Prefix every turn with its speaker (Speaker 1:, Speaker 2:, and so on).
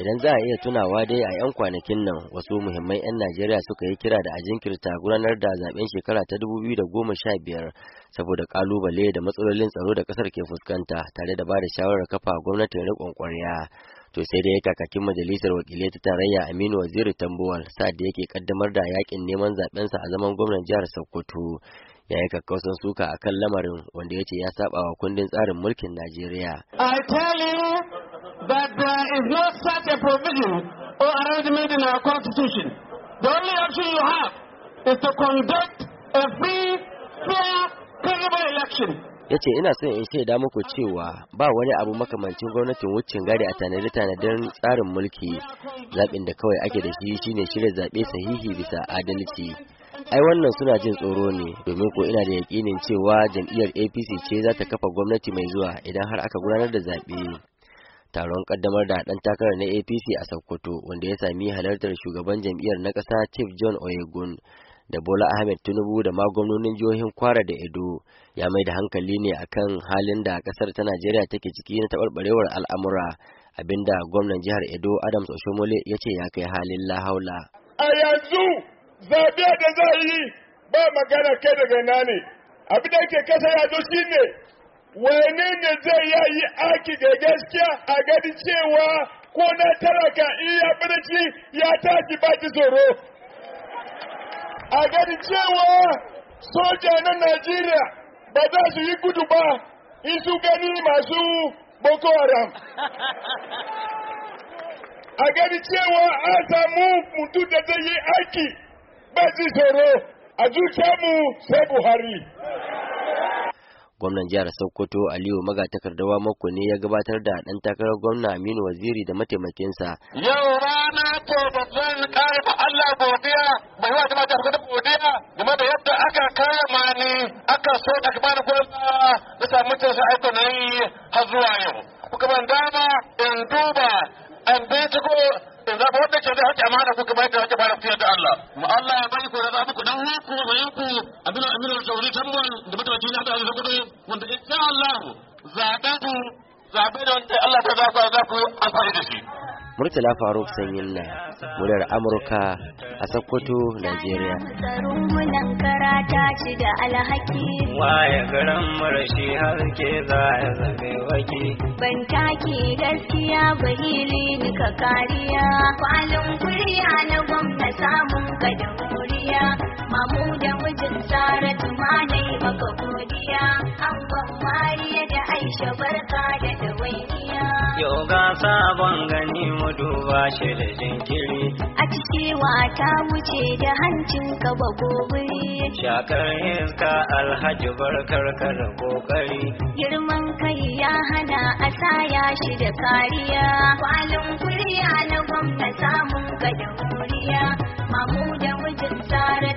Speaker 1: Idan za a iya tunawa dai a 'yan kwanakin nan wasu muhimman 'yan Najeriya suka yi kira da a jinkirta gudanar da zaɓen shekara ta dubu biyu da goma sha biyar, saboda ƙalubale da matsalolin tsaro da kasar ke fuskanta tare da ba da shawarar kafa gwamnatin riƙon ƙwarya. to sai dai kakakin majalisar wakilai ta tarayya Aminu Waziri Tambuwal sa'ad da yake kaddamar da yakin neman sa a zaman gwamnan jihar Sokoto ya yi kakkausan suka a kan lamarin wanda ya ce ya saba wa kundin tsarin mulkin Najeriya.
Speaker 2: I tell that there uh, is no such a provision or arrangement in our constitution. The only option you have is to conduct a free, fair, credible election.
Speaker 1: ya ce ina son in shaida muku cewa ba wani abu makamancin gwamnatin wucin gari a tanadi tanadin tsarin mulki zaɓin da kawai ake da shi shine shirya zaɓe sahihi bisa adalci ai wannan suna jin tsoro ne domin ko ina da yakinin cewa jam'iyyar apc ce za ta kafa gwamnati mai zuwa idan har aka gudanar da zaɓe taron kaddamar da ɗan takarar na apc a sokoto wanda ya sami halartar shugaban jam'iyyar na ƙasa chief john oyegun da bola ahmed tinubu da ma gwamnonin jihohin kwara da edo ya mai da hankali ne akan halin da ƙasar ta najeriya take ciki na taɓarɓarewar al'amura abinda gwamnan jihar edo adams oshomole ya ce ya kai halin lahaula
Speaker 2: a yanzu zaɓe da za yi ba magana kai daga na ne abin da yake kasa yanzu shine wani ne zai ya yi aki gaskiya a gani cewa ko na taraka iya birci ya tashi baki tsoro a gani cewa soja na najeriya ba za su yi gudu ba in su gani masu boko haram a gani cewa an samu mutum da zai yi aiki ba ji tsoro a zuciya mu sai buhari
Speaker 1: gwamnan jihar sokoto aliyu magatakardawa mako ne ya gabatar da ɗan takarar gwamna aminu waziri da mataimakinsa
Speaker 2: yau rana ko babban ƙara allah godiya bai wa jama'a jihar sokoto godiya game da yadda aka kama ni aka so da kuma da gwamna da samu mutunsa aiko na yi har zuwa yau kuka ban dama in duba an binciko in zaɓa wanda ke da haƙƙi amana ka bayar da haƙƙi ba da Allah mu Allah ya bai ku da zaɓi ku dan ku bayan ku abin aminu sauri tambon Islam zaɓen ku zaɓe da wanda Allah ta zaɓa za ku amfani da shi.
Speaker 1: Murtala Faruk Sanyin na muryar Amurka a Sokoto, Najeriya.
Speaker 3: Waye garin marashi har ke za
Speaker 1: a zabe waki.
Speaker 3: Ban taki gaskiya ba hili ni ka kariya. Kwalin kuriya na gwamna samun ka da muriya. Mamu da mijin Saratu mana. maka godiya an mariya da aisha barka da dawainiya yau ga sabon gani mu duba shi da jinkiri a ciki ta wuce da hancin ka ba gobiri shakar iska alhaji barkar ka da kokari girman kai ya hana a saya shi da kariya kwalin kuriya na gwamna samun ka da moriya mamu da mijin tsara